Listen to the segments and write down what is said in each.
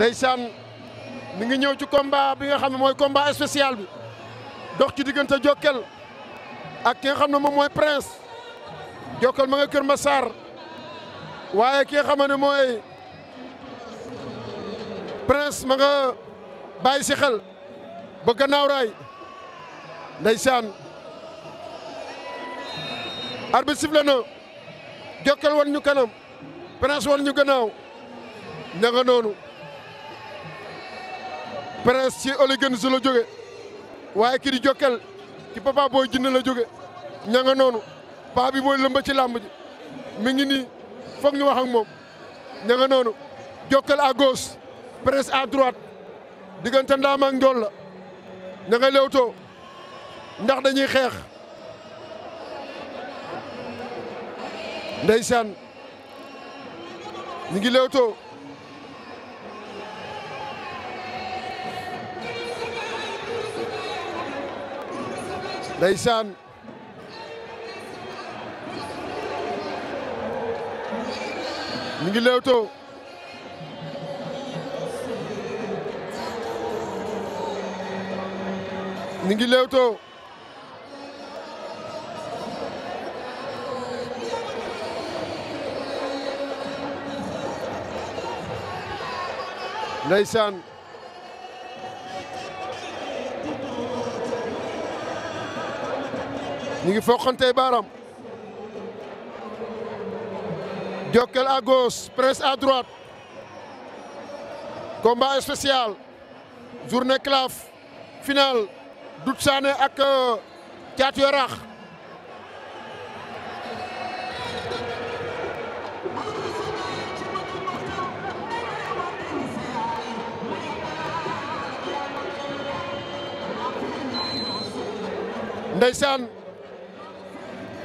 ndeysaan mi ngi ñëw ci combat bi nga xam ne mooy combat spécial bi dox ci diggante Jokkel ak ki xam na moom mooy Prince Jokkel ma nga Kër Massar waaye ki nga xam ne mooy Prince ma nga bàyyi si xel ba gannaaw raay ndeysaan arbitre sifflé na Jokkel wan ñu kanam Prince wan ñu gannaaw ña nga presse ci Ole Guèye la jóge waaye kii di Jokal ci Papa Boy Djiné la jóge ña nga noonu paa bi mooy lëmba ci làmb ji mi ngi nii foog ñu wax ak moom ña nga noonu Jokal à gauche presse à droite diggante Ndaam ak Njool la ña nga lewtoo ndax dañuy xeex ndeysaan ngi lewtoo ndeysaan ñu ngi lewtoo ñu ngi leewtoo ndeysaan ñu ngi foqante baaraam Jokkel à gauche Prince à droite combat spécial journée claf finale Doudou Sané ak euh, Thiatou Yarakh ndeysaan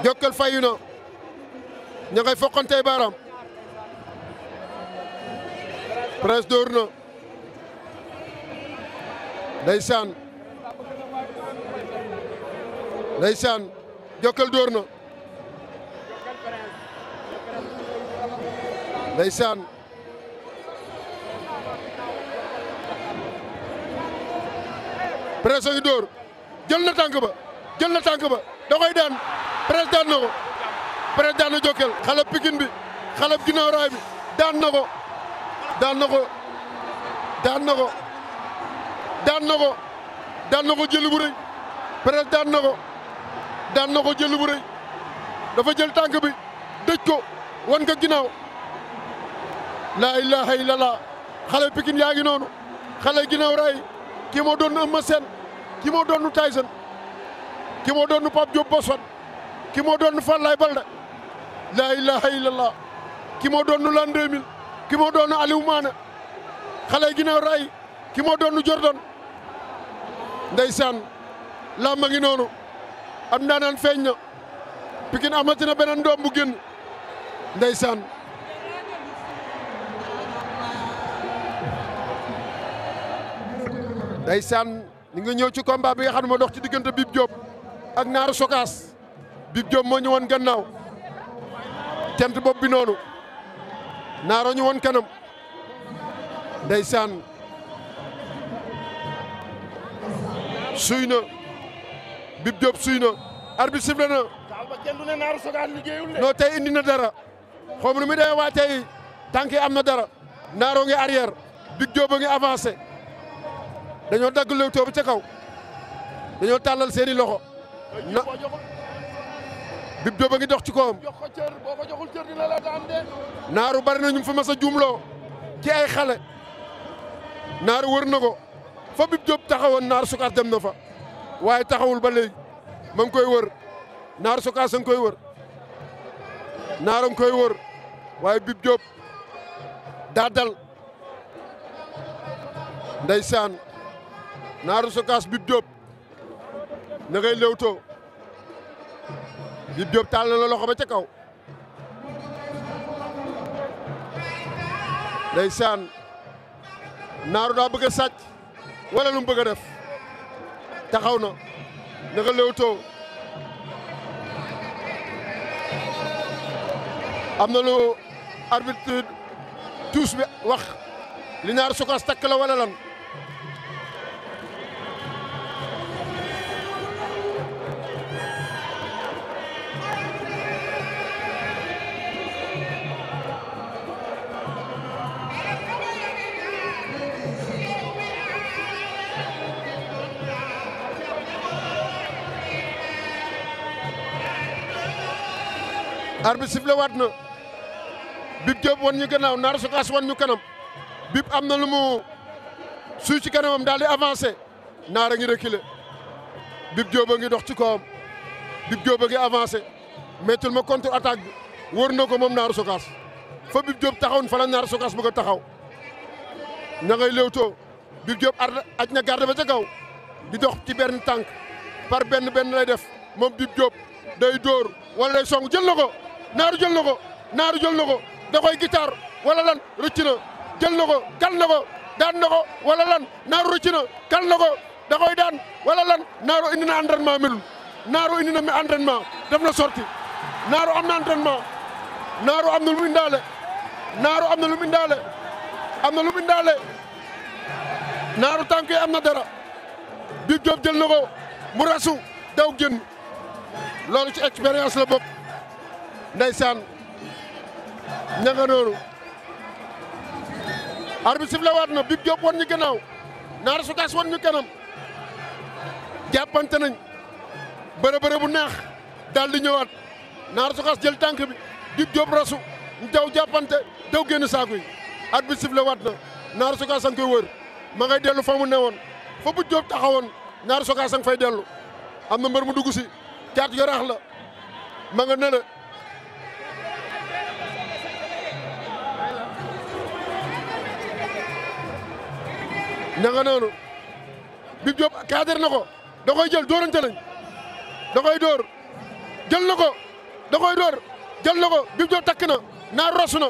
Jokal fayu na ña ngay foqantey baaraam presse dóor na ndeysaan ndeysaan Jokal dóor na ndeysaan presse ngi dóor jël na tànk ba jël na tànk ba da koy Prince daan na ko Prince daan na Jokal xale bi xale ginnaaw raay bi daan ko daan ko daan na ko daan ko daan ko jëli bu rëy Prince daan na ko daan ko jëli bu rëy dafa jël tànk bi dëj ko wan ko ginnaaw laa ilaha illallah xale yaa ngi noonu xale ginnaaw raay kii moo doon Eumeu Sène kii moo doon Tyson kii ki moo doon Fallaye Balde laa ilaha illallah ki doon l'an 2000 ki moo doon Aliou Mané xale yi raay ki moo doon Jordan ndeysaan làmba ngi noonu am ndaanaan feeñ na Pikine amati na beneen doom bu génn ndeysaan ndeysaan ñu ngi ñëw ci combat bi nga xam ne moo dox ci diggante Bib Diop ak Naaru Sokaas Bib Diop moo ñu gannaaw cant bopp bi noonu naaro ñu woon kanam ndeysaan suy na Bib Diop suy na arbitre sifflé na non tey indi na dara xaw ma nu mu dee waa tey tànk yi am na dara naaroo ngi arrière Bib Diop ngi avancé dañoo dagg lewtoo bi ca kaw dañoo tàllal seeni loxo na Bib Diop a ngi dox ci kawam. naaru bari na ñu fa mas a juumloo ci ay xale naaru wër na ko fa Bib Diop taxawoon naaru sukaar dem na fa waaye taxawul ba léegi ma ngi koy wër naaru sukaar sa koy wër naaru koy wër waaye Bib jóob daa dal ndeysaan naaru sokaas Bib jóob na ngay lewtoo Dip Diop taal na loxo ba ca kaw day ndeysaan naaru daa bëgg a sàcc wala lu mu bëgg def taxaw na naka léewtoo am na lu arbitre tuus bi wax li ñaar sukaas takk la wala lan arbitre sifflé waat na bib Diop wan ñu gannaaw Naar Sogas wan ñu kanam bib am na lu mu suy ci kanamam daal di avancé Naar a ngi reculé bib Diop a ngi dox ci kawam bib Diop a ngi avancé mettul ma contre attaque bi wër na ko moom Naar Sogas foo bib Diop taxawoon fa la Naar Sogas bëgg taxaw na lewtoo léewtoo bib ar aj na garde ba ca kaw di dox ci benn tànk par benn benn lay def moom bib Diop day dóor wala day song jël na ko. naaru jël na ko naaru jël na ko da koy gitaar wala lan rëcc na jël na ko kal na ko daan na ko wala lan naaru rëcc na kal na ko da daan wala lan naaru indi na entraînement melul naaru indi na entraînement def na sorti naaru am na entraînement naaru am na lu mu indaale naaru am na lu mu indaale am na lu mu indaale naaru tànk yi am na dara Bib Diop jël na ko mu rasu daw génn loolu ci expérience la bokk ndeysaan ña nga noonu arbitre siflé waat na Big Diop wan ñu gannaaw Naar Sogas wan ñu kanam jàppante nañ bëre bëre bu neex daal di ñëwaat Naar Sogas jël tànk bi Big Diop rasu ñu daw jàppante daw génn saako yi arbitre siflé waat na Naar Sogas koy wër ma ngay dellu fa mu newoon fa bu Diop taxawoon Naar Sogas a ngi fay dellu am na mbër mu dugg si caatu yaraax la ma nga ña nga noonu Bib Diop ko da koy jël dóorante nañ da koy dóor jël na ko da koy dóor jël na ko Bib Diop takk na naaru rosu na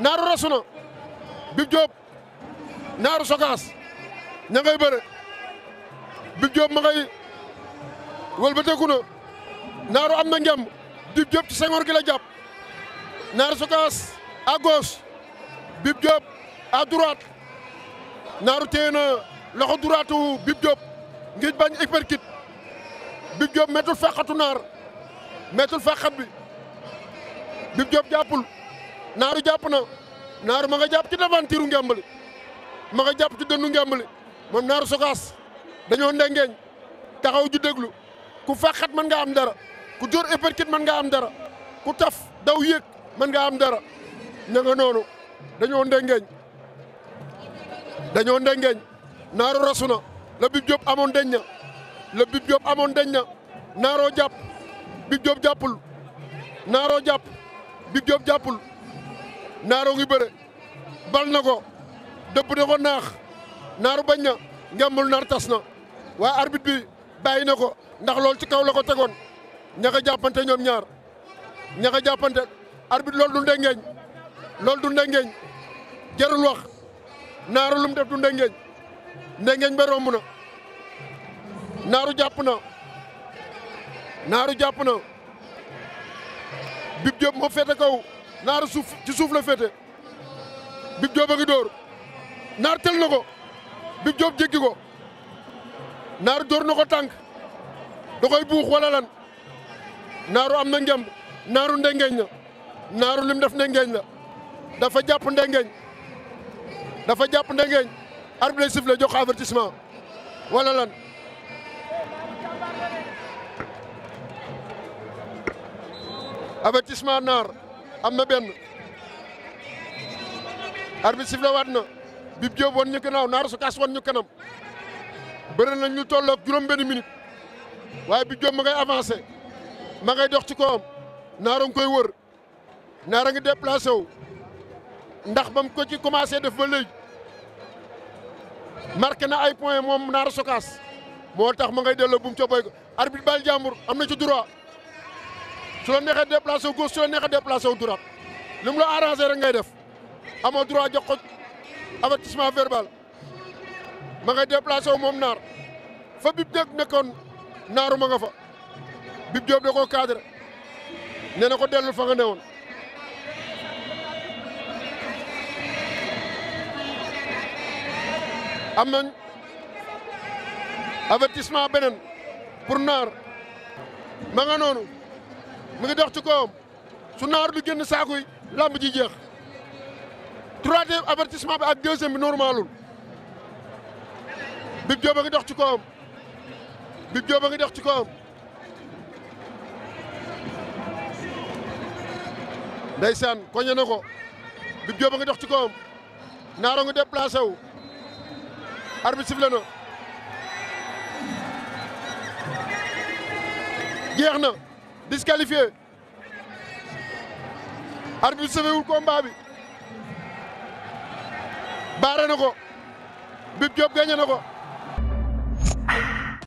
naaru rosu na Bib Diop naaru sokaas ña ngay bëre Bib Diop ma ngay wëlbateeku naaru am na ngem Bib Diop ci sengoor jàpp naaru sokaas à gauche Bib à droite naaru téye na loxo duraatu Bib Diop ngir bañ uppercut Bib Diop mettul fàqatu naar mettul fàqat bi Bib Diop jàppul naaru jàpp na naaru ma nga jàpp ci devantiru ngembali ma nga jàpp ci dënnu ngembali moom naaru sogaas dañoo ndengeeñ taxaw ju déglu ku fàqat mën nga am dara ku jóor uppercut man nga am dara ku taf daw yéeg mën nga am dara ña nga noonu dañoo ndengeeñ dañoo ndengeeñ naaro rasu na la Bib Diop amoon deñ na la Bib Diop amoon deñ na naaroo jàpp Bib Diop jàppul naaroo jàpp Bib Diop jàppul naaroo ngi bëre bal ko dëpp na ko naax naaru bañ na ngembul naar tas na waaye arbitre bi bàyyi na ko ndax loolu ci kaw la ko tegoon ñaka jàppante ñoom ñaar ñaka jàppante arbitre loolu du ndengeeñ loolu du ndengeeñ jarul wax naaru lu mu def du ndengeñ ndengeñ ba romb na naaru jàpp na naaru jàpp na Bib Diop moo féete kaw naaru suuf ci suuf la féete Bib Diop a ngi dóor naar tel na ko Bib Diop jéggi ko naaru dóor na ko tànk da koy buux wala naaru am na ngemb naaru ndengeñ na naaru lim def ndengeñ la dafa jàpp ndengeñ dafa jàpp ndengeeñ arbitre sifflé jox avertissement wala lan avertissement naar am na benn arbitre sifflé waat na Bib Diop wan ñu gannaaw naar su kaas wan ñu kanam bëri nañ ñu tolloog juróom benn waaye Bib Diop ma ngay avancé ma ngay dox ci kawam naara nga koy wër naara ngi déplacé wu ndax bam ko ci commencé def ba léegi marqué na ay point moom Naar Sokaas moo tax ma ngay delloo bu mu ca boy ko bal jàmbur am na ci droit su la neexee déplacé wu gauche su la neexee déplacé wu droite li mu la arrangé rek ngay def amoo droit jox ko avertissement verbal ma ngay déplacé wu moom Naar fa bib nag nekkoon Naaru ma nga fa bib Diop da koo cadré nee ko dellu fa nga newoon. am nañ avertissement beneen pour naar ma nga noonu mu ngi dox ci kawam su naar lu génn saaku yi làmb ji jeex troisième avertissement bi ak deuxième bi normalul bib jooba ngi dox ci kawam bib jooba ngi dox ci kawam ndeysaan koñe na ko bib jooba ngi dox ci kawam naaro ngi laa sew arbitre sifflé na jeex na disqualifié arbitre bi sëfewul combat bi baare Diop gagné na